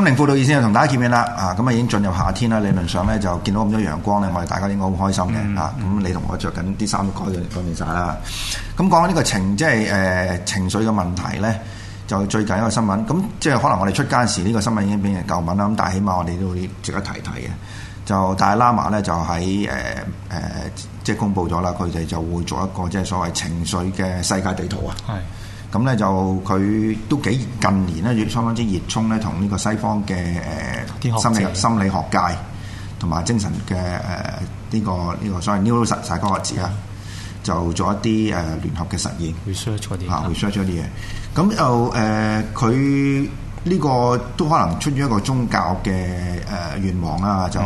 心靈輔導熱線就同大家見面啦，啊咁啊已經進入夏天啦，理論上咧就見到咁多陽光咧，我哋大家應該好開心嘅，啊咁你同我着緊啲衫改咗改變晒啦。咁講呢個情，即係誒情緒嘅問題咧，就最近一個新聞，咁、啊、即係可能我哋出街時呢、這個新聞已經變成舊聞啦，咁但係起碼我哋都會值得提提嘅。就大喇嘛咧就喺誒誒即係公佈咗啦，佢哋就會做一個即係所謂情緒嘅世界地圖啊。嗯咁咧就佢都幾近年咧，相當之熱衷咧，同呢個西方嘅誒心理心理學界同埋精神嘅誒呢個呢、呢個所謂 New 實實科學字啊，就做一啲誒、uh, 聯合嘅實驗，research 啲啊，research 啲嘢。咁又誒佢呢個都可能出於一個宗教嘅誒、uh, 願望啦。就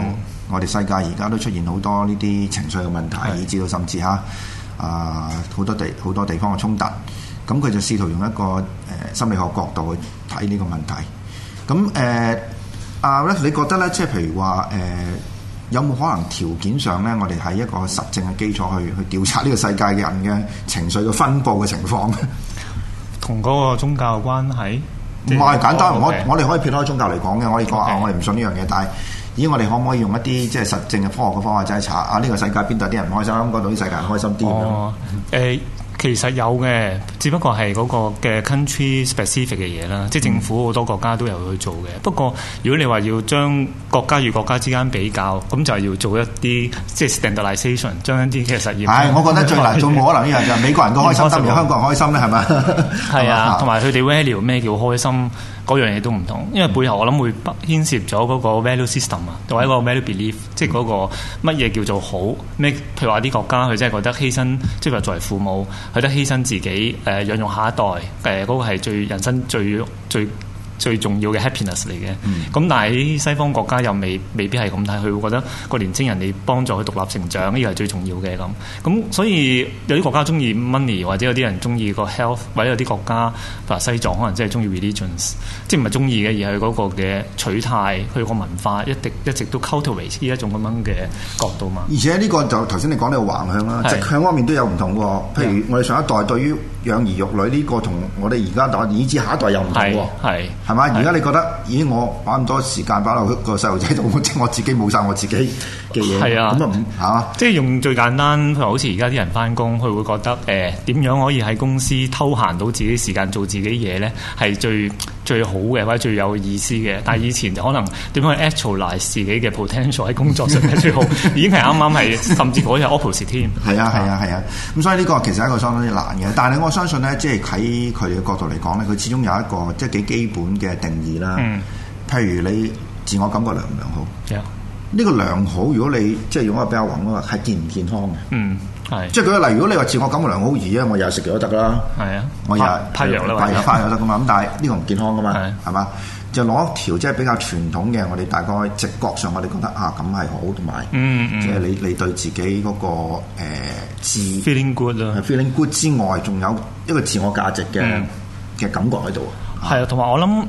我哋世界而家都出現好多呢啲情緒嘅問題，對以至到甚至嚇啊好多地好多地方嘅衝突。咁佢就試圖用一個誒心理學角度去睇呢個問題。咁誒，阿 Ralph 你覺得咧，即係譬如話誒，有冇可能條件上咧，我哋喺一個實證嘅基礎去去調查呢個世界嘅人嘅情緒嘅分佈嘅情況同嗰個宗教嘅關係？唔係簡單，我我哋可以撇開宗教嚟講嘅。我哋講下，我哋唔信呢樣嘢，但係咦，我哋可唔可以用一啲即係實證嘅科學嘅方法去查？啊，呢個世界邊度啲人唔開心，嗰度啲世界開心啲咁其實有嘅，只不過係嗰個嘅 country specific 嘅嘢啦，即係政府好多國家都有去做嘅。嗯、不過如果你話要將國家與國家之間比較，咁就係要做一啲即係 standardization 將一啲實驗係、哎，我覺得最難，做， 冇可能嘅係就係美國人都開心，等於錯香港人開心啦，係嘛？係 啊，同埋佢哋 value 咩叫開心，嗰樣嘢都唔同。因為背後我諗會牽涉咗嗰個 value system 啊，作為一個 value belief，即係嗰個乜嘢叫做好？咩？譬如話啲國家佢真係覺得犧牲，即係話作為父母。佢都犧牲自己，誒養育下一代，誒、呃、嗰、那個係最人生最最。最重要嘅 happiness 嚟嘅，咁、嗯、但係喺西方國家又未未必係咁睇，佢會覺得個年青人你幫助佢獨立成長呢個係最重要嘅咁。咁所以有啲國家中意 money，或者有啲人中意個 health，或者有啲國家，譬如西藏可能真係中意 religions，即係唔係中意嘅，而係嗰個嘅取態，佢個文化一直一直都 cultivate 呢一種咁樣嘅角度嘛。而且呢個就頭先你講呢個橫向啦，是直向方面都有唔同喎。譬如我哋上一代對於養兒育女呢、呢個同我哋而家打，以至下一代又唔同喎。係嘛？而家你覺得，的咦？我擺咁多時間擺落個細路仔度，我即我自己冇晒我自己。 係啊，咁又唔嚇？即係用最簡單，譬如好似而家啲人翻工，佢會覺得誒點、呃、樣可以喺公司偷閒到自己時間做自己嘢咧，係最最好嘅或者最有意思嘅。但係以前就可能點樣 actualize 自己嘅 potential 喺 工作上嘅最好，已經係啱啱係甚至講係 Apple 添。係啊係啊係啊！咁、啊啊啊啊、所以呢個其實係一個相當之難嘅。但係我相信咧，即係喺佢嘅角度嚟講咧，佢始終有一個即係幾基本嘅定義啦。嗯、譬如你自我感覺良唔良好？Yeah. 呢個良好，如果你即係用一個比較穩嘅話，係健唔健康嘅？嗯，係。即係佢，例如如果你話自我感覺良好而啊，我日日食咗都得啦。係啊，我日日批油啦，批油得㗎嘛。咁但係呢個唔健康㗎嘛，係嘛、啊？就攞一條即係比較傳統嘅，我哋大概直覺上我哋覺得啊咁係好同埋，即係、嗯嗯、你你對自己嗰、嗰個、呃、自 feeling good、啊、feeling good 之外，仲有一個自我價值嘅嘅、嗯、感覺喺度、嗯。係啊，同埋我諗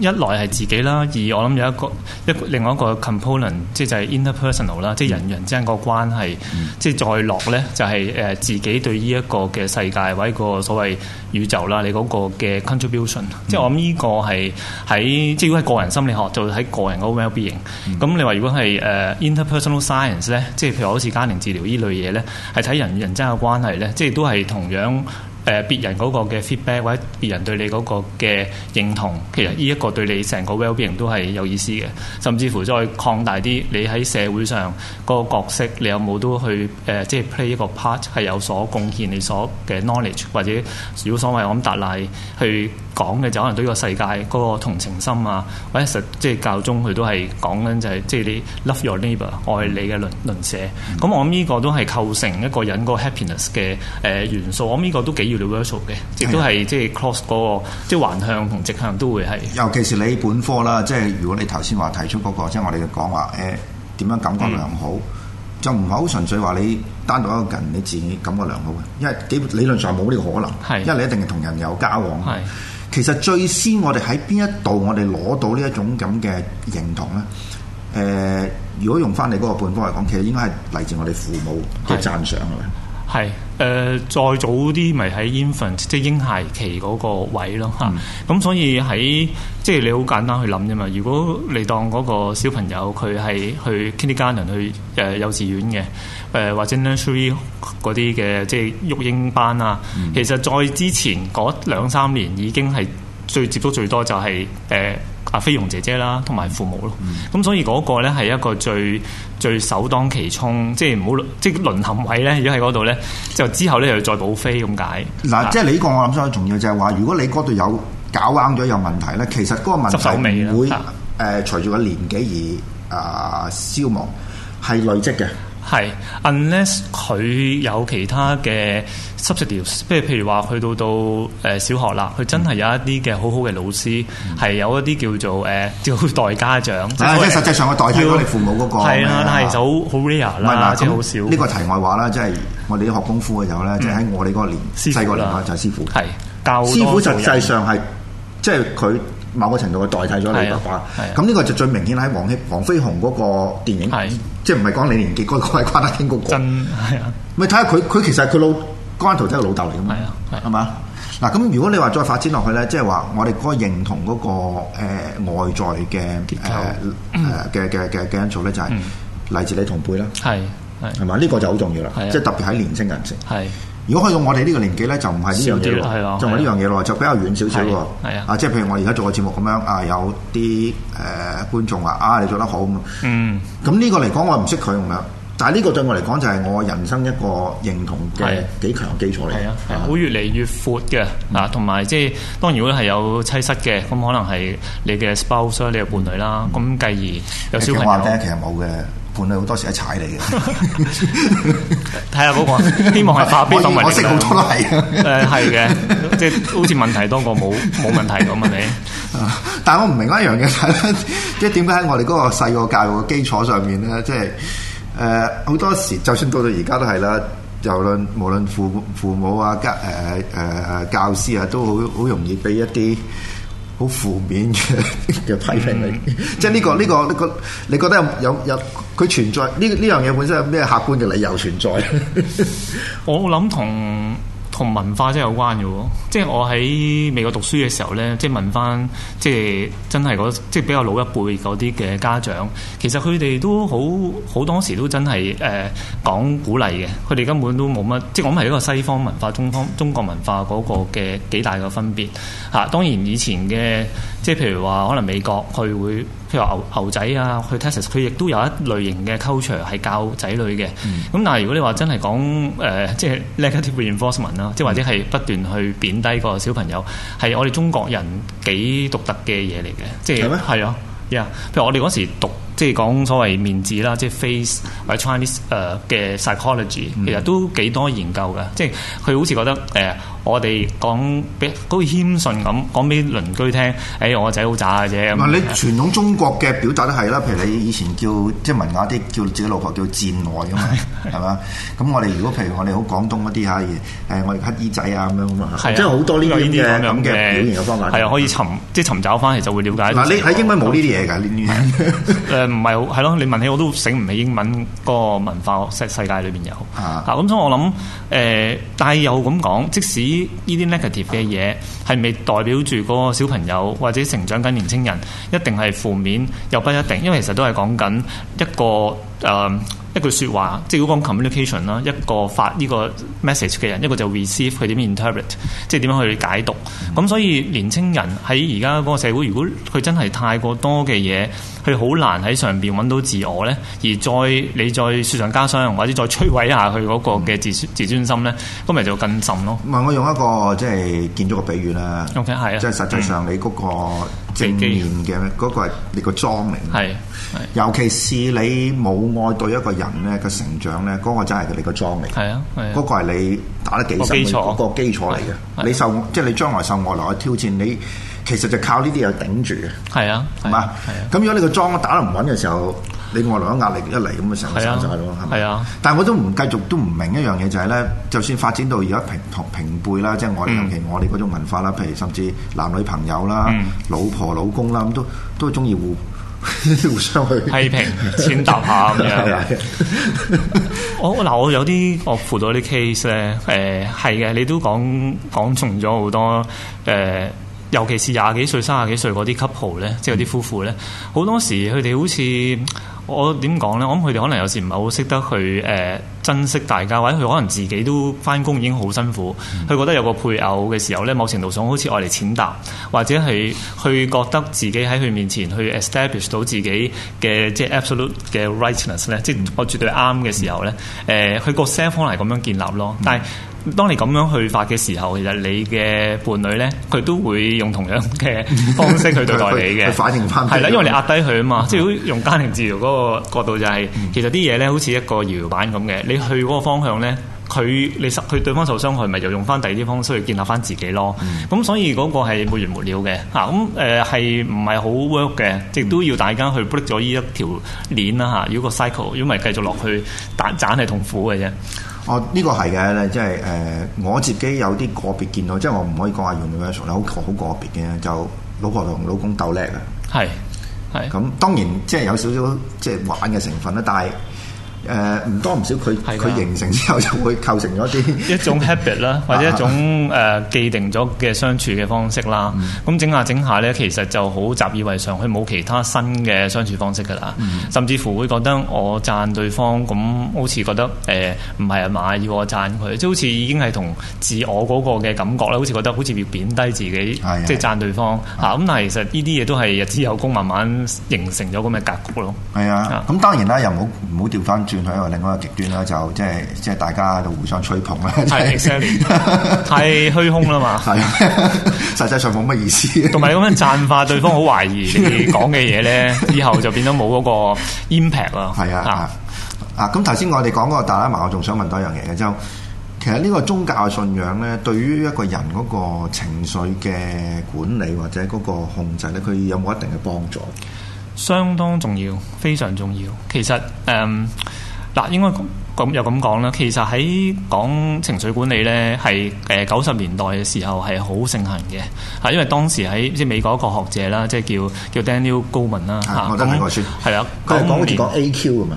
一來係自己啦，二我諗有一個一個另外一個 component，即係就係 interpersonal 啦，即係人與人之間個關係。嗯、即係再落咧，就係、是、誒自己對依一個嘅世界或者個所謂宇宙啦，你嗰個嘅 contribution、嗯。即係我諗呢個係喺即係如果係個人心理學就會喺個人嘅 wellbeing、嗯。咁你話如果係誒 interpersonal science 咧，即係譬如好似家庭治療呢類嘢咧，係睇人與人之間嘅關係咧，即係都係同樣。誒、呃、別人嗰個嘅 feedback 或者別人對你嗰個嘅認同，其實呢一個對你成個 wellbeing 都係有意思嘅。甚至乎再擴大啲，你喺社會上嗰個角色，你有冇都去誒、呃、即係 play 一個 part 係有所貢獻？你所嘅 knowledge 或者如果所謂我咁達賴去講嘅就可能對個世界嗰、那個同情心啊，或者實即係教宗佢都係講緊就係即係你 love your neighbor 愛你嘅鄰鄰舍。咁、嗯、我諗呢個都係構成一個人個 happiness 嘅誒元素。我諗呢個都幾 universal 嘅，亦都係即係 cross 嗰、那個即係、就是、橫向同直向都會係。尤其是你本科啦，即係如果你頭先話提出嗰、那個，即係我哋講話誒點樣感覺良好，嗯、就唔係好純粹話你單獨一個人你自己感覺良好嘅，因為基理論上冇呢個可能，是的 因為你一定係同人有交往。其實最先我哋喺邊一度我哋攞到呢一種咁嘅認同咧？誒、呃，如果用翻你嗰個辦法嚟講，其實應該係嚟自我哋父母嘅讚賞嚟。係，誒、呃、再早啲咪喺 infant，即係嬰孩期嗰個位咯嚇。咁、啊嗯、所以喺即係你好簡單去諗啫嘛。如果你當嗰個小朋友佢係去 kindergarten 去誒、呃、幼稚園嘅，誒、呃、或者 nursery 嗰啲嘅即係育嬰班啊。嗯、其實再之前嗰兩三年已經係最接觸最多就係、是、誒。呃阿菲傭姐姐啦，同埋父母咯，咁、嗯、所以嗰個咧係一個最最首當其衝，即係唔好即係淪陷位咧，如果喺嗰度咧，就之後咧又要再補飛咁解。嗱，即係你呢個我諗相當重要就，就係話如果你嗰度有搞硬咗有問題咧，其實嗰個問題唔會誒隨住個年紀而誒消亡，係累積嘅。係，unless 佢有其他嘅 subsidials，即係譬如話去到到誒、呃、小學啦，佢真係有一啲嘅好好嘅老師係、嗯、有一啲叫做誒、呃、叫代家長，即係實際上個代替咗你父母嗰、那個係啦，啊啊、但係就好好 rare 啦，即係好少呢個題外話啦。即、就、係、是、我哋啲學功夫嘅時候咧，即係喺我哋嗰個年細個年代，就係師傅係教師傅，實際上係即係佢。就是某個程度去代替咗李德化，咁呢個就最明顯喺黃黃飛鴻嗰個電影，即係唔係講李連杰嗰個係關德興嗰個？真係啊！咪睇下佢，佢其實佢老關頭都係老豆嚟噶嘛？係啊，係嘛？嗱，咁如果你話再發展落去咧，即係話我哋嗰個認同嗰個外在嘅誒嘅嘅嘅因素咧，就係嚟自你同輩啦，係係嘛？呢個就好重要啦，即係特別喺年輕人成係。如果去到我哋呢個年紀咧，就唔係呢樣嘢咯，小小啊、就唔係呢樣嘢咯，啊、就比較遠少少喎。啊，啊，啊，即係譬如我而家做個節目咁樣，啊有啲誒、呃、觀眾話啊你做得好咁。嗯，咁呢個嚟講我唔識佢咁樣，但係呢個對我嚟講就係、是、我人生一個認同嘅幾強基礎嚟。係啊，啊會越嚟越闊嘅啊，同埋、嗯、即係當然如果係有妻室嘅，咁可能係你嘅 spouse，你嘅伴侶啦。咁、嗯、繼而有小朋友，其實冇嘅。好多時係踩你嘅，睇下嗰個。 希望係化冰為融。我識好多都係，誒係嘅，即係好似問題多過冇冇問題咁嘅你。但係我唔明一樣嘢，即係點解喺我哋嗰個細個教育嘅基礎上面咧，即係誒好多時，就算到到而家都係啦。就論無論父父母啊、家誒誒、呃呃、教師啊，都好好容易俾一啲，好負面嘅嘅批評你，嗯、即係呢、呢個呢、嗯呢個呢、呢個，你覺得有有有佢存在呢，呢樣嘢本身有咩客觀嘅理由存在？ 我諗同。同文化真係有關嘅喎，即係我喺美國讀書嘅時候呢，即係問翻，即係真係嗰即係比較老一輩嗰啲嘅家長，其實佢哋都好好多時都真係誒講鼓勵嘅，佢哋根本都冇乜，即係咁係一個西方文化、中方中國文化嗰個嘅幾大嘅分別嚇。當然以前嘅。即係譬如話，可能美國佢會譬如牛牛仔啊，去 Texas 佢亦都有一類型嘅 culture 係教仔女嘅。咁、嗯、但係如果你話真係講誒，即係 negative reinforcement 啦，即係或者係不斷去貶低個小朋友，係、嗯、我哋中國人幾獨特嘅嘢嚟嘅。即係係嗎啊 y、yeah, 譬如我哋嗰時讀即係講所謂面子啦，即係 face 或者 Chinese 誒、呃、嘅 psychology、嗯、其實都幾多研究嘅。即係佢好似覺得誒。呃呃我哋講俾嗰個謙遜咁講俾鄰居聽，誒我個仔好渣嘅啫。唔係你傳統中國嘅表達都係啦，譬如你以前叫即係文雅啲，叫自己老婆叫賤內咁嘛，係嘛？咁我哋如果譬如我哋好廣東嗰啲嚇，誒我哋乞衣仔啊咁樣咁啊，即係好多呢啲咁嘅。係啊，可以尋即係尋找翻，嚟就會了解。嗱，你喺英文冇呢啲嘢㗎，呢啲誒唔係好係咯？你問起我都醒唔起英文個文化世界裏邊有咁，所以我諗誒，但係又咁講，即使。呢啲 negative 嘅嘢係咪代表住嗰個小朋友或者成長緊年青人，一定係負面，又不一定，因為其實都係講緊一個。誒、uh, 一句説話，即係如果講 communication 啦，一個發呢個 message 嘅人，一個就 receive 佢點樣 interpret，即係點樣去解讀。咁、嗯、所以年青人喺而家嗰個社會，如果佢真係太過多嘅嘢，佢好難喺上邊揾到自我咧。而再你再雪上加霜，或者再摧毀一下佢嗰個嘅自、嗯、自尊心咧，咁咪就更甚咯。唔係我用一個即係建築個比喻啦。OK，係啊，即係實際上你嗰、那個。嗯正面嘅咧，嗰機個係你個樁明，尤其是你冇愛對一個人咧嘅成長咧，嗰、那個真係你哋個樁明。係啊，嗰、啊、個係你打得幾十年嗰個基礎嚟嘅。啊啊、你受即係、就是、你將來受外來嘅挑戰，你其實就靠呢啲嘢頂住嘅。係啊，係嘛？係啊。咁吧、啊啊、如果你個樁打得唔穩嘅時候，你外來嘅壓力一嚟咁，咪成日散曬咯，係啊！係咪？係啊，但係我都唔繼續都唔明一樣嘢就係、是、咧，就算發展到而家平同平輩啦，即係我哋尤其我哋嗰種文化啦，嗯嗯，譬如甚至男女朋友啦、老婆老公啦，咁都都中意互呵呵互相去批評答、踐踏下咁樣。我嗱我有啲我輔導啲 case 咧，誒，係嘅，你都講講重咗好多誒。呃尤其是廿幾歲、三十幾歲嗰啲 couple 咧，即係嗰啲夫婦咧，好、嗯、多時佢哋好似我點講咧，我諗佢哋可能有時唔係好識得去誒、呃、珍惜大家，或者佢可能自己都返工已經好辛苦，佢、嗯、覺得有個配偶嘅時候咧，某程度上好似愛嚟踐踏，或者係佢覺得自己喺佢面前去 establish 到自己嘅即係 absolute 嘅 rightness 咧，即係我、right、絕對啱嘅時候咧，誒佢、嗯呃、個 self 係咁樣建立咯，但係。嗯當你咁樣去發嘅時候，其實你嘅伴侶咧，佢都會用同樣嘅方式去對待你嘅 反應翻，係啦，因為你壓低佢啊嘛。啊即係如用家庭治療嗰個角度、就係，就係、嗯、其實啲嘢咧，好似一個搖搖板咁嘅。你去嗰個方向咧，佢你受佢對方受傷害，咪就用翻第二啲方式去建立翻自己咯。咁、嗯、所以嗰個係沒完沒了嘅，嗱咁誒係唔係好 work 嘅？亦都要大家去 break 咗呢一條鏈啦嚇。如、啊、果 cycle，如果咪係繼續落去但盞，係痛苦嘅啫。哦，呢、這個係嘅咧，即係誒、呃、我自己有啲個別見到，即係我唔可以講話 universal，好好個別嘅就老婆同老公鬥叻啊！係係咁，當然即係有少少即係玩嘅成分啦，但係。誒，唔、呃、多唔少，佢佢形成之後，就會構成咗啲，一種 habit 啦，或者一種誒既定咗嘅相處嘅方式啦。咁整下整下咧，其實就好習以為常，佢冇其他新嘅相處方式噶啦。 甚至乎會覺得我讚對方，咁好似覺得誒唔係啊嘛，要我讚佢，即係好似已經係同自我嗰個嘅感覺咧，好似覺得好似要貶低自己，即係讚對方吓。咁但係其實呢啲嘢都係日積月累，慢慢形成咗咁嘅格局咯。係啊，咁當然啦，又唔好唔好調翻。轉去一個另外一個極端啦，就即係即係大家都互相吹捧啦， 太虛空啦嘛，係啊，實際上冇乜意思，同埋咁樣讚化對方，好懷疑你講嘅嘢咧， 以後就變咗冇嗰個 impact 啦，係啊，啊，咁頭先我哋講嗰個大喇嘛，我仲想問多一樣嘢嘅，就其實呢個宗教嘅信仰咧，對於一個人嗰個情緒嘅管理或者嗰個控制咧，佢有冇一定嘅幫助？相當重要，非常重要。其實，誒、呃、嗱，應該咁又咁講啦。其實喺講情緒管理咧，係誒九十年代嘅時候係好盛行嘅。嚇，因為當時喺即係美國一個學者啦，即係叫叫 Daniel Goleman 啦，嚇，我得美國先，係啦，佢係講講 AQ 啊嘛。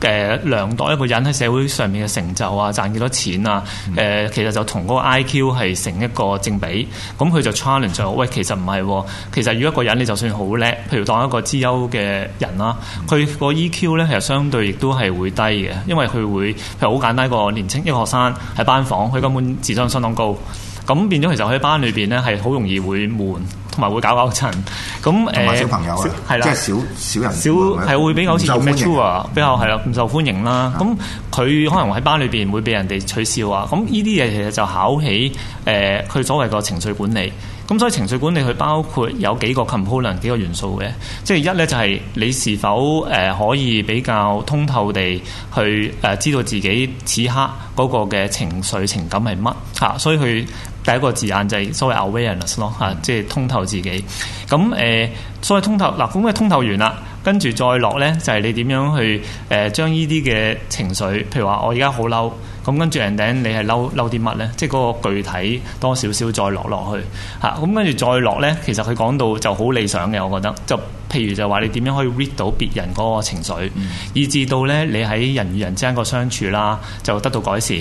誒量度一個人喺社會上面嘅成就啊，賺幾多錢啊？誒、呃，其實就同嗰個 I.Q 係成一個正比，咁佢就 challenge 咗。喂，其實唔係、哦。其實如果一個人你就算好叻，譬如當一個資優嘅人啦、啊，佢個 E.Q 咧其實相對亦都係會低嘅，因為佢會譬如好簡單一個年青一個學生喺班房，佢根本智商相當高，咁變咗其實喺班裏邊咧係好容易會悶。同埋會搞搞震，咁誒小朋友係啦，欸、是即係少少人少係會比較好似唔成熟啊，比較係啦，唔受歡迎啦。咁佢 mature, 可能喺班裏邊會俾人哋取笑啊。咁呢啲嘢其實就考起誒佢、呃、所謂個情緒管理。咁所以情緒管理佢包括有幾個 component 幾個元素嘅。即係一咧就係、是、你是否誒可以比較通透地去誒、呃呃、知道自己此刻嗰個嘅情緒情感係乜嚇。所以佢。第一個字眼就係所謂 awareness 咯、啊、嚇，即係通透自己。咁、啊、誒，所謂通透，嗱咁嘅通透完啦，跟住再落咧就係、是、你點樣去誒、啊、將呢啲嘅情緒，譬如話我而家好嬲，咁跟住人頂你係嬲嬲啲乜咧？即係嗰個具體多少少再落落去嚇。咁跟住再落咧，其實佢講到就好理想嘅，我覺得就譬如就話你點樣可以 read 到別人嗰個情緒，嗯、以至到咧你喺人與人之間個相處啦，就得到改善。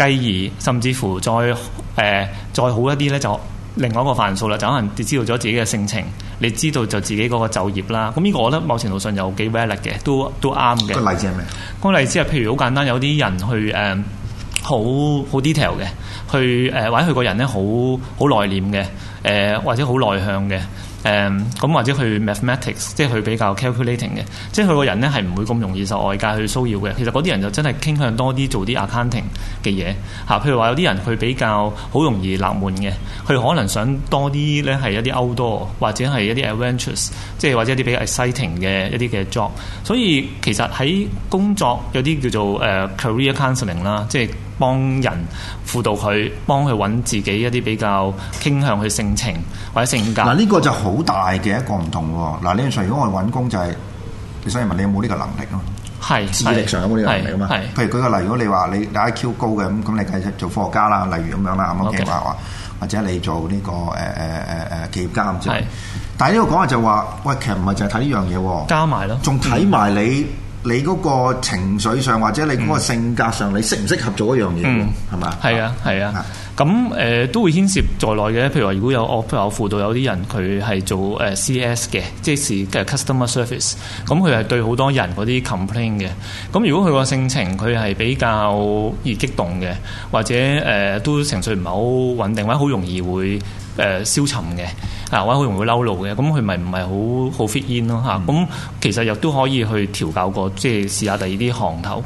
繼而，甚至乎再誒、呃、再好一啲咧，就另外一個範疇啦。就可能你知道咗自己嘅性情，你知道就自己嗰個就業啦。咁呢個我覺得某程度上有幾 valid 嘅，都都啱嘅。個例子係咩？個例子係譬如好簡單，有啲人去誒、呃、好好 detail 嘅，去誒、呃、或者佢個人咧好好內斂嘅，誒、呃、或者好內向嘅。誒咁、um, 或者去 mathematics，即係佢比較 calculating 嘅，即係佢個人咧係唔會咁容易受外界去騷擾嘅。其實嗰啲人就真係傾向多啲做啲 accounting 嘅嘢嚇。譬如話有啲人佢比較好容易納悶嘅，佢可能想多啲咧係一啲 outdoor 或者係一啲 adventures，即係或者一啲比較 exciting 嘅一啲嘅 job。所以其實喺工作有啲叫做誒、uh, career counselling 啦，即係。幫人輔導佢，幫佢揾自己一啲比較傾向佢性情或者性格。嗱呢個就好大嘅一個唔同喎。嗱，你除如果我揾工就係、是，所以問你有冇呢個能力咯？係智是力上有冇呢個能力啊嘛？譬如舉個例，如果你話你你 IQ 高嘅咁咁，你繼續做科學家啦，例如咁樣啦，啱啱聽話話，Okay. 或者你做呢、這個誒誒誒誒企業家咁啫。是但係呢個講話就話，喂，其實唔係淨係睇呢樣嘢，加埋咯，仲睇埋你。你嗰個情緒上，或者你嗰個性格上，嗯、你適唔適合做一樣嘢，係嘛、嗯吧？係啊，係啊。咁誒、呃、都會牽涉在內嘅。譬如話，如果有譬如我有輔導有啲人，佢係做誒 C S 嘅，即係 customer service。咁佢係對好多人嗰啲 complain 嘅。咁如果佢個性情佢係比較易激動嘅，或者誒、呃、都情緒唔係好穩定，或者好容易會。誒、呃、消沉嘅、啊，或者好容易嬲路嘅，咁佢咪唔係好好 fit in 咯、啊、吓，咁、嗯、其實亦都可以去調教過，即係試下第二啲行頭。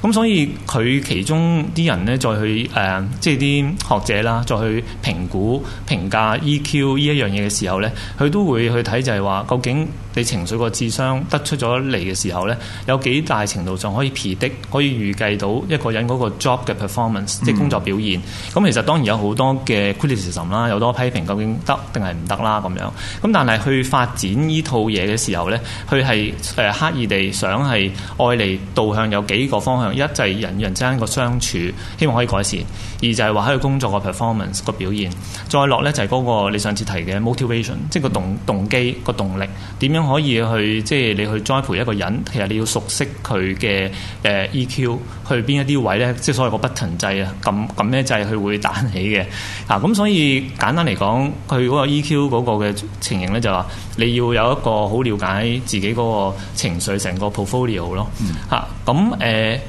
咁所以佢其中啲人咧，再去誒、呃、即係啲學者啦，再去評估評價 EQ 呢一樣嘢嘅時候咧，佢都會去睇就係話究竟。你情緒個智商得出咗嚟嘅時候咧，有幾大程度上可以 predict，可以預計到一個人個 job 嘅 performance，即係工作表現，咁、嗯、其實當然有好多嘅 criticism 啦，有多批評究竟得定係唔得啦咁樣，咁但係去發展呢套嘢嘅時候咧，佢係誒刻意地想係愛嚟導向有幾個方向：一就係人與人之間個相處，希望可以改善；二就係話喺個工作個 performance 個表現，再落咧就係、嗰個你上次提嘅 motivation，即係個動動機個動力點樣。可以去即係、就是、你去栽培一個人，其實你要熟悉佢嘅誒 EQ，去邊一啲位咧，即係所謂個 button 掣啊，㩒㩒樣掣佢會彈起嘅。啊，咁所以簡單嚟講，佢嗰個 EQ 嗰個嘅情形咧，就話、是、你要有一個好了解自己嗰個情緒成個 portfolio 咯。嚇、嗯，咁誒、啊。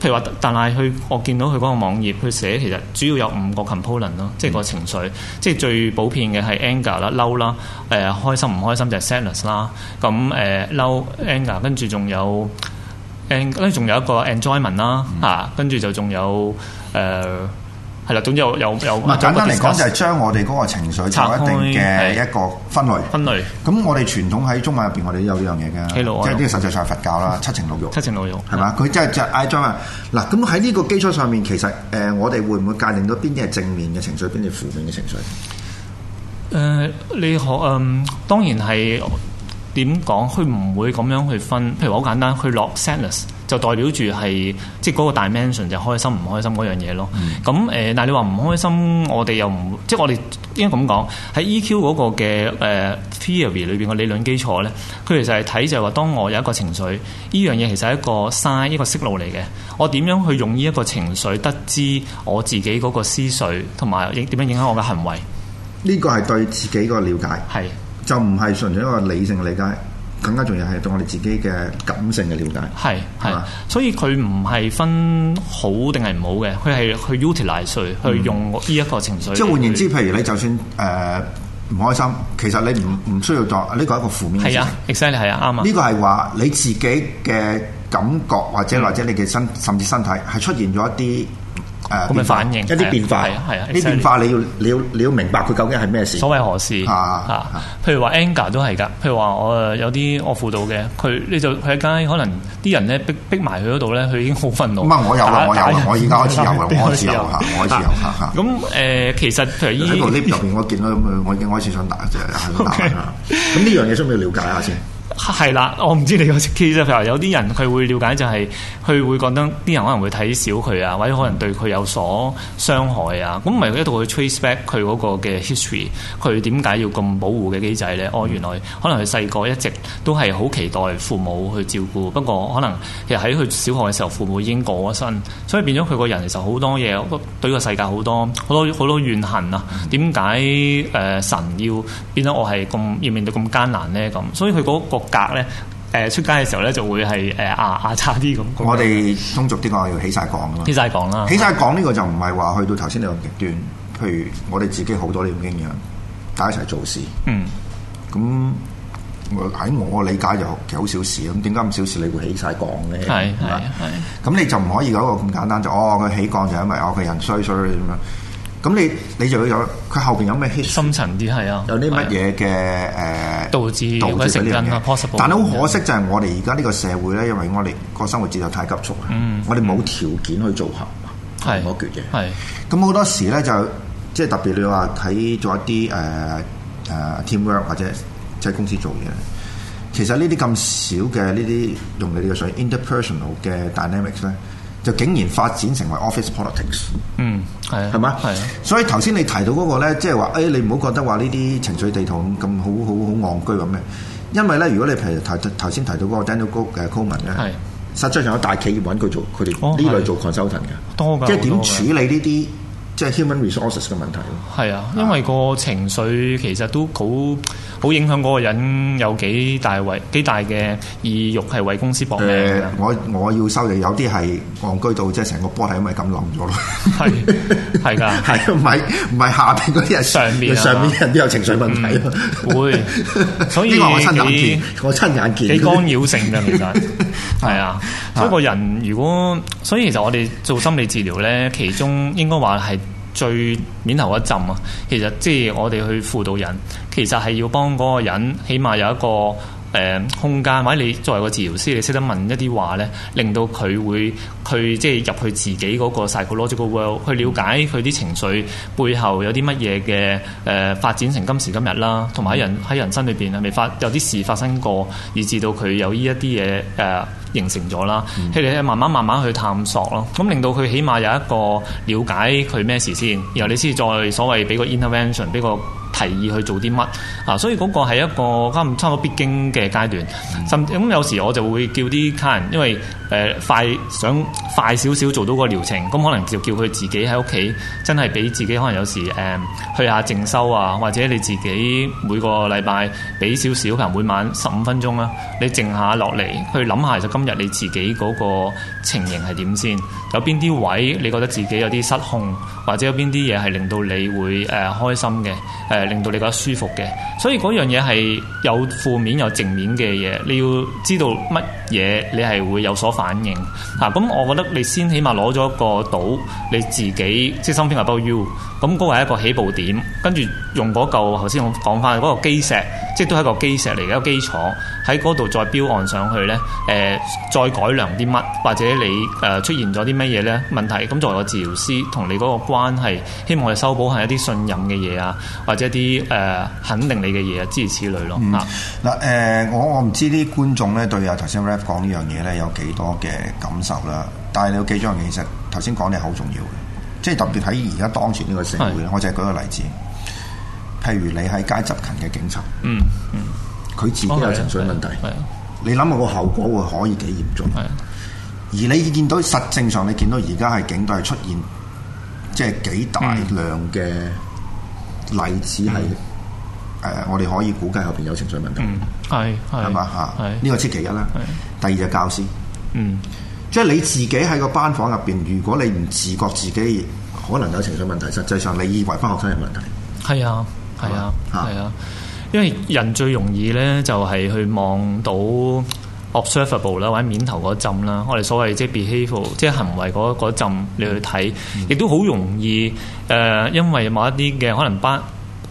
譬如話，但係佢我見到佢嗰個網頁，佢寫其實主要有五個 component 咯，即係個情緒，mm hmm. 即係最普遍嘅係 anger 啦、嬲、呃、啦，誒開心唔開心就係 sadness 啦、啊，咁誒嬲 anger，跟住仲有、Ang，跟住仲有一個 enjoyment 啦、啊，嚇、mm，跟、hmm. 住就仲有誒。呃係啦，總之有有有。唔係簡單嚟講，就係將我哋嗰個情緒開做一定嘅一個分類。分類。咁我哋傳統喺中文入邊，我哋都有呢樣嘢嘅， 即係呢個實際上係佛教啦，七情六慾。 七情六慾。係嘛？佢即係就誒將啊嗱，咁喺呢個基礎上面，其實誒我哋會唔會界定到邊啲係正面嘅情緒，邊啲負面嘅情緒？誒、呃，你學誒、嗯、當然係。點講？佢唔會咁樣去分。譬如好簡單，佢落 sadness 就代表住係即係嗰個 dimension 就開心唔開心嗰樣嘢咯。咁、嗯呃、但嗱你話唔開心，我哋又唔即係我哋應該咁講喺 EQ 嗰個嘅誒、呃、theory 裏邊嘅理論基礎咧，佢其實係睇就係、是、話當我有一個情緒，呢樣嘢其實係一個 sign，一個 signal 嚟嘅。我點樣去用呢一個情緒得知我自己嗰個思緒同埋影點樣影響我嘅行為？呢個係對自己個了解。係。就唔係純粹一個理性理解，更加重要係對我哋自己嘅感性嘅了解。係係，嗯、所以佢唔係分好定係唔好嘅，佢係去 utilise、嗯、去用呢一個情緒。即係換言之，譬去如你就算誒唔、呃、開心，其實你唔唔需要當呢個係一個負面嘅。係啊 exactly 啊，啱、exactly, 啊。呢個係話你自己嘅感覺，或者、嗯、或者你嘅身甚至身體係出現咗一啲。誒，咁嘅反應一啲變化係啊？啲變化你要你要你要明白佢究竟係咩事？所謂何事？啊啊！譬如話 anger 都係㗎。譬如話我誒有啲我輔導嘅佢，你就佢喺街可能啲人咧逼逼埋佢嗰度咧，佢已經好憤怒。唔係我有㗎，我有，我已經開始有㗎，我開始有啦，我開始有啦。咁誒，其實譬如呢個呢邊，我見到咁樣，我已經開始想打就係咁打咁呢樣嘢，需唔要了解下先？係啦，我唔知你有其實譬如話有啲人佢會了解就係佢會覺得啲人可能會睇小佢啊，或者可能對佢有所傷害啊。咁咪佢一度去 trace back 佢嗰個嘅 history，佢點解要咁保護嘅機制咧？哦，原來可能佢細個一直都係好期待父母去照顧，不過可能其實喺佢小學嘅時候，父母已經過咗身，所以變咗佢個人其實好多嘢，對個世界好多好多好多怨恨啊！點解誒神要變咗我係咁要面對咁艱難咧？咁所以佢嗰個。格咧，誒、呃、出街嘅時候咧就會係誒啊牙差啲咁。我哋通俗啲話要起晒槓㗎嘛，起晒槓啦，是 起晒槓呢個就唔係話去到頭先你個極端。譬如我哋自己好多呢種經驗，大家一齊做事，嗯，咁我喺我理解就好小事咁。點解咁小事你會起晒槓咧？係係係。咁樣你就唔可以有一個咁簡單就是、哦，佢起槓就因為我嘅人衰衰咁樣。咁你你就會有佢後邊有咩希深層啲係啊？有啲乜嘢嘅誒導致或者成因啊？Possible，但係好可惜就係我哋而家呢個社會咧，因為我哋個生活節奏太急促，嗯，我哋冇條件去做合係嗰橛嘅係。咁好多時咧就即係特別你話睇咗一啲誒誒、uh, uh, teamwork 或者即係公司做嘢，其實呢啲咁少嘅呢啲用你呢個所謂 interpersonal 嘅 dynamics 咧。就竟然發展成為 office politics，嗯，係、啊，係嘛吧，係、啊。所以頭先你提到嗰、那個咧，即係話，誒、哎，你唔好覺得話呢啲情緒地圖咁好好好戇居咁嘅。因為咧，如果你譬如頭頭先提到嗰個 Daniel G 誒 Goleman 咧，係，實際上有大企業揾佢做，佢哋呢類做 consultant 嘅、哦啊，多㗎，即係點處理呢啲？即係 human resources 嘅問題咯。係啊，因為個情緒其實都好好影響嗰個人有幾大為幾大嘅意欲係為公司搏命啊、呃！我我要收人，有啲係戇居到即係成個波係因為咁冧咗咯。係係㗎，係唔係唔係下邊嗰啲係上面、啊，上面啲人都有情緒問題咯、嗯。會，所以我親眼幾見，我親眼見。幾干擾性㗎，其實係啊，啊的所以個人如果所以其實我哋做心理治療咧，其中應該話係。最面頭嗰一陣啊，其實即係我哋去輔導人，其實係要幫嗰個人，起碼有一個。誒、呃、空間，或者你作為個治療師，你識得問一啲話咧，令到佢會去即係入去自己嗰個 psychological world，去了解佢啲情緒背後有啲乜嘢嘅誒發展成今時今日啦，同埋喺人喺、嗯、人生裏邊係咪發有啲事發生過，以至到佢有呢一啲嘢誒形成咗啦，你、嗯、慢慢慢慢去探索咯，咁令到佢起碼有一個了解佢咩事先，然後你先再所謂俾個 intervention 俾個。提議去做啲乜啊，所以嗰個係一個啱差唔多必經嘅階段。嗯、甚至咁有時我就會叫啲客人，因為。誒、呃、快想快少少做到個療程，咁可能就叫佢自己喺屋企，真係俾自己可能有時誒、呃、去下靜修啊，或者你自己每個禮拜俾少少，譬如每晚十五分鐘啊，你靜下落嚟去諗下，就今日你自己嗰個情形係點先？有邊啲位你覺得自己有啲失控，或者有邊啲嘢係令到你會誒、呃、開心嘅，誒、呃、令到你覺得舒服嘅。所以嗰樣嘢係有負面有正面嘅嘢，你要知道乜嘢你係會有所反應吓咁、啊、我覺得你先起碼攞咗一個島，你自己，即係 something about you 咁嗰個係一個起步點。跟住用嗰嚿頭先我講翻嗰個基石，即係都係一個基石嚟嘅一個基礎。喺嗰度再標案上去咧，誒、呃、再改良啲乜，或者你誒、呃、出現咗啲乜嘢咧問題？咁作為個治療師，同你嗰個關係，希望我哋修補係一啲信任嘅嘢啊，或者一啲誒、呃、肯定你嘅嘢啊，諸如此類咯。嗱、嗯，嗱、啊呃、我我唔知啲觀眾咧對啊頭先 Ralph 講呢樣嘢咧有幾多嘅感受啦，但係你記住一樣嘢，其實頭先講嘅係好重要嘅，即係特別喺而家當前呢個社會，的我就係舉個例子，譬如你喺街執勤嘅警察，嗯嗯。嗯佢自己有情緒問題，你諗下個後果會可以幾嚴重。而你見到實證上，你見到而家係警隊係出現，即係幾大量嘅例子係誒，我哋可以估計後邊有情緒問題，係係嘛嚇？呢個出其一啦。第二就教師，嗯，即係你自己喺個班房入邊，如果你唔自覺自己可能有情緒問題，實際上你以為翻學生有問題，係啊係啊係啊。因為人最容易咧，就係、是、去望到 observable 啦，或者面頭嗰陣啦，我哋所謂 al，即係 behaviour，即係行為嗰嗰陣你去睇，亦都好容易誒、呃，因為某一啲嘅可能班，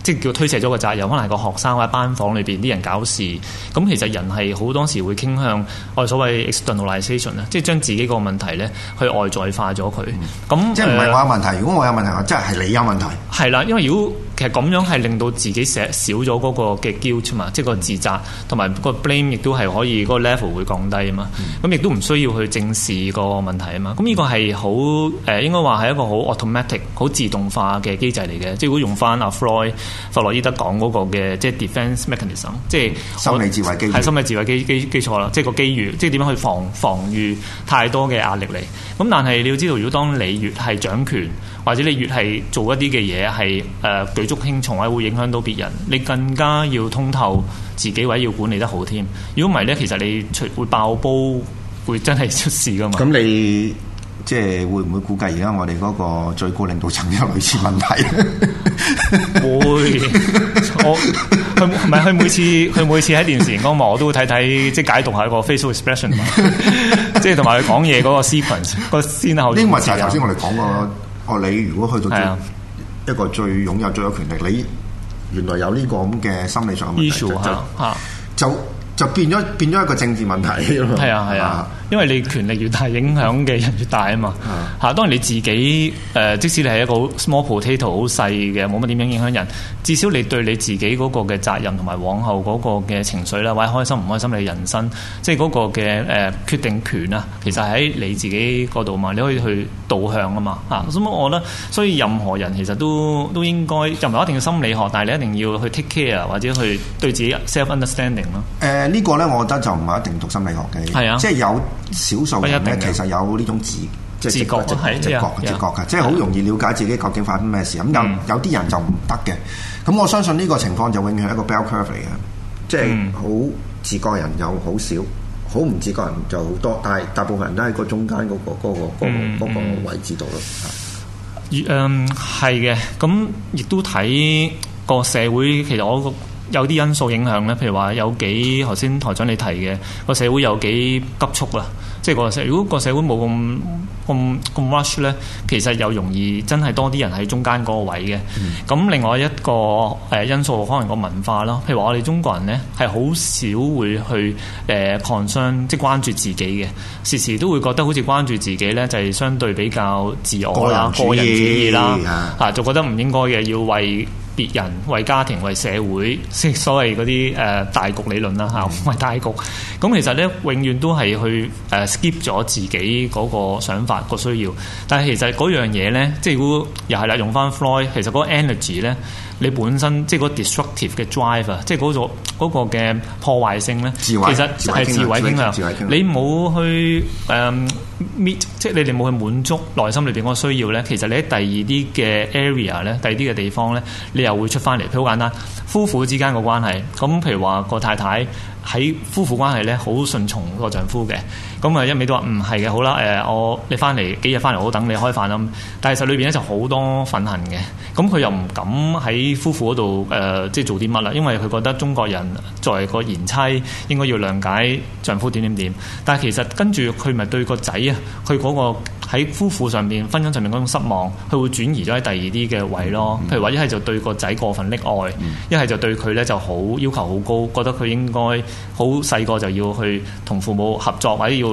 即係叫推卸咗個責任，可能係個學生或者班房裏邊啲人搞事，咁其實人係好多時會傾向我哋所謂 externalization 啊，即係將自己個問題咧去外在化咗佢。咁、嗯、那即係唔係我有問題？呃、如果我有問題，我真係係你有問題。係啦，因為如果。其實咁樣係令到自己寫少咗嗰個嘅 guilt 嘛，即係個自責，同埋個 blame 亦都係可以嗰個 level 會降低啊嘛。咁亦都唔需要去正視個問題啊嘛。咁呢個係好誒，應該話係一個好 automatic、好自動化嘅機制嚟嘅。即係如果用翻阿 Freud 弗洛伊德講嗰個嘅即係 defense mechanism，即係心理自衛機，機，機，係心理自衛基基基礎啦。即係個機遇，即係點樣去防防禦太多嘅壓力嚟。咁但係你要知道，如果當你越係掌權，或者你越係做一啲嘅嘢係誒。輕重位會影響到別人，你更加要通透自己位要管理得好添。如果唔係咧，其實你會爆煲，會真係出事噶嘛。咁你即係會唔會估計而家我哋嗰個最高領導層有類似問題？ 會，我佢唔係佢每次佢每次喺電視熒光幕，我都會睇睇即係解讀一下一個 facial expression， 即係同埋佢講嘢嗰個 sequence 個先後。呢個就頭先我哋講過哦， 你如果去到最。一個最擁有最有權力，你原來有呢個咁嘅心理上嘅問題，嗯、就就就變咗變咗一個政治問題。係啊係啊。因為你權力越大，影響嘅人越大啊嘛嚇。嗯、當然，你自己誒、呃，即使你係一個 small potato 好細嘅，冇乜點樣影響人。至少你對你自己嗰個嘅責任同埋往後嗰個嘅情緒啦，或者開心唔開心你人生，即係嗰個嘅誒、呃、決定權啊，其實喺你自己嗰度嘛，你可以去導向嘛啊嘛嚇。咁我咧，所以任何人其實都都應該，又唔係一定要心理學，但係你一定要去 take care 或者去對自己 self understanding 咯。誒呢、呃這個咧，我覺得就唔係一定讀心理學嘅，啊、即係有。少數人咧，其實有呢種自即係自覺，自是是覺嘅嘅即係好容易了解自己究竟發生咩事。咁的有、嗯、有啲人就唔得嘅。咁我相信呢個情況就永遠係一個 bell curve 嘅，即係好自覺人又好少，好唔自覺人就好多。但係大部分人都喺個中間嗰、嗰個嗰、嗰個嗯、個位置度咯。嗯，係嘅。咁亦都睇個社會，其實我。有啲因素影響咧，譬如話有幾頭先台長你提嘅個社會有幾急促啊，即係個社如果個社會冇咁咁咁 rush 咧，其實又容易真係多啲人喺中間嗰個位嘅。咁、嗯、另外一個誒因素可能個文化咯，譬如話我哋中國人咧係好少會去誒 concern，即係關注自己嘅，時時都會覺得好似關注自己咧就係相對比較自我啦、個人主義啦，義啊就覺得唔應該嘅要為。別人為家庭為社會，即所謂嗰啲誒大局理論啦嚇，為大局。咁、啊、其實咧，永遠都係去誒、呃、skip 咗自己嗰個想法、個需要。但係其實嗰樣嘢咧，即係如果又係啦，用翻 flow，其實嗰個 energy 咧。你本身即係嗰 destructive 嘅 driver，即係嗰個嘅、嗰個嗰個、破壞性咧，自慰其實係自毀傾向。你冇去誒、um, meet，即係你哋冇去滿足內心裏邊嗰個需要咧，其實你喺第二啲嘅 area 咧，第二啲嘅地方咧，你又會出翻嚟。好、就是、簡單，夫婦之間個關係，咁譬如話、嗰個太太。喺夫婦關係咧、嗯，好順從個丈夫嘅，咁啊一味都話唔係嘅，好啦，誒我你翻嚟幾日翻嚟，我，你我等你開飯啦。但係實裏邊咧就好多憤恨嘅，咁佢又唔敢喺夫婦嗰度誒，即係做啲乜啦，因為佢覺得中國人作為個賢妻應該要諒解丈夫點點點，但係其實跟住佢咪對、個仔啊，佢嗰個。喺夫婦上面，婚姻上面嗰種失望，佢會轉移咗喺第二啲嘅位咯。嗯、譬如話，一係就對個仔過分溺愛，一係就對佢咧就好要求好高，覺得佢應該好細個就要去同父母合作或者要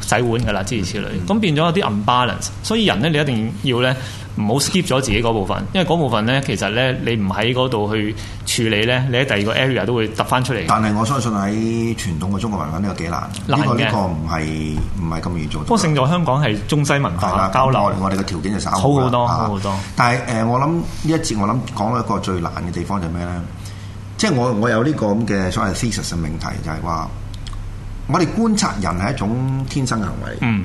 洗碗噶啦，諸如此類。咁、嗯、變咗有啲 unbalance，所以人咧你一定要咧。唔好 skip 咗自己嗰部分，因為嗰部分咧，其實咧，你唔喺嗰度去處理咧，你喺第二個 area 都會揼翻出嚟。但係我相信喺傳統嘅中國文化都有幾難，呢個呢個唔係唔係咁易做到。不過勝在香港係中西文化交流，我哋嘅條件就稍好好多好多。多多多多啊、但係誒、呃，我諗呢一節我諗講到一個最難嘅地方就係咩咧？即係我我有呢個咁嘅所謂事實性命題，就係話我哋觀察人係一種天生嘅行為。嗯。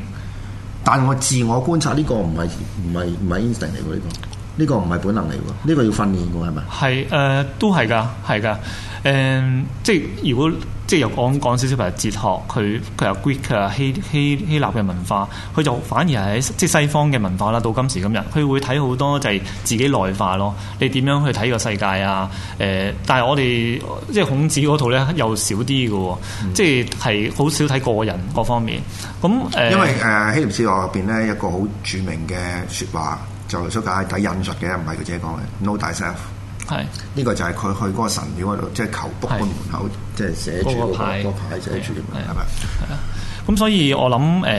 但我自我觀察呢，這個唔係唔係唔係 instinct 嚟喎呢個。呢，這個唔係本能嚟喎，呢，這個要訓練嘅係咪？係誒、呃，都係㗎，係㗎。誒、嗯，即係如果即係又講講少少譬如哲學，佢佢有 Greek 啊希希希臘嘅文化，佢就反而係即係西方嘅文化啦。到今時今日，佢會睇好多就係自己內化咯。你點樣去睇個世界啊？誒、呃，但係我哋即係孔子嗰套咧又少啲嘅喎，嗯、即係係好少睇個人各方面。咁誒，呃、因為誒、呃、希臘哲學入邊咧一個好著名嘅説話，就蘇格拉底引述嘅，唔係佢自己講嘅，Know 係，呢是個就係佢去嗰個神廟嗰度，即、就、係、是、求卜個門口，即係是寫住個牌，牌寫住嘅係咪？係啊，咁所以我諗誒、呃，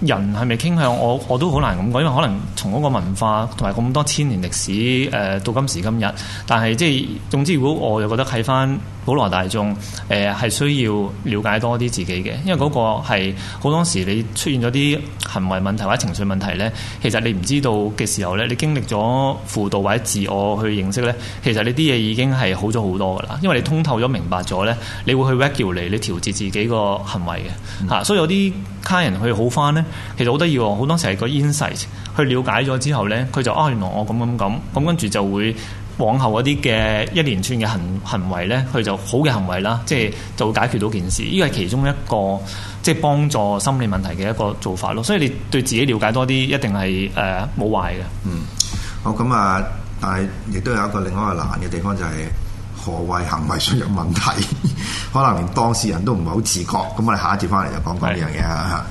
人係咪傾向我，我我都好難咁講，因為可能從嗰個文化同埋咁多千年歷史誒、呃，到今時今日，但係即係總之，如果我就覺得睇翻。普羅大眾誒係、呃、需要了解多啲自己嘅，因為嗰個係好多時你出現咗啲行為問題或者情緒問題咧，其實你唔知道嘅時候咧，你經歷咗輔導或者自我去認識咧，其實你啲嘢已經係好咗好多㗎喇，因為你通透咗明白咗咧，你會去 regulate 你調節自己個行為嘅嚇、mm hmm。啊，所以有啲客人去好返咧，其實好得意喎，好多時係個 insight 去了解咗之後咧，佢，就啊原來我咁咁咁咁跟住就會。往後嗰啲嘅一連串嘅行行為咧，佢就好嘅行為啦，即係就會解決到件事。呢個係其中一個，即係幫助心理問題嘅一個做法咯。所以你對自己了解多啲，一定係誒冇壞嘅。嗯，好咁啊，但係亦都有一個另外一個難嘅地方，就係、是、何謂行為出入問題， 可能連當事人都唔係好自覺。咁我哋下一節翻嚟就講講呢樣嘢啊。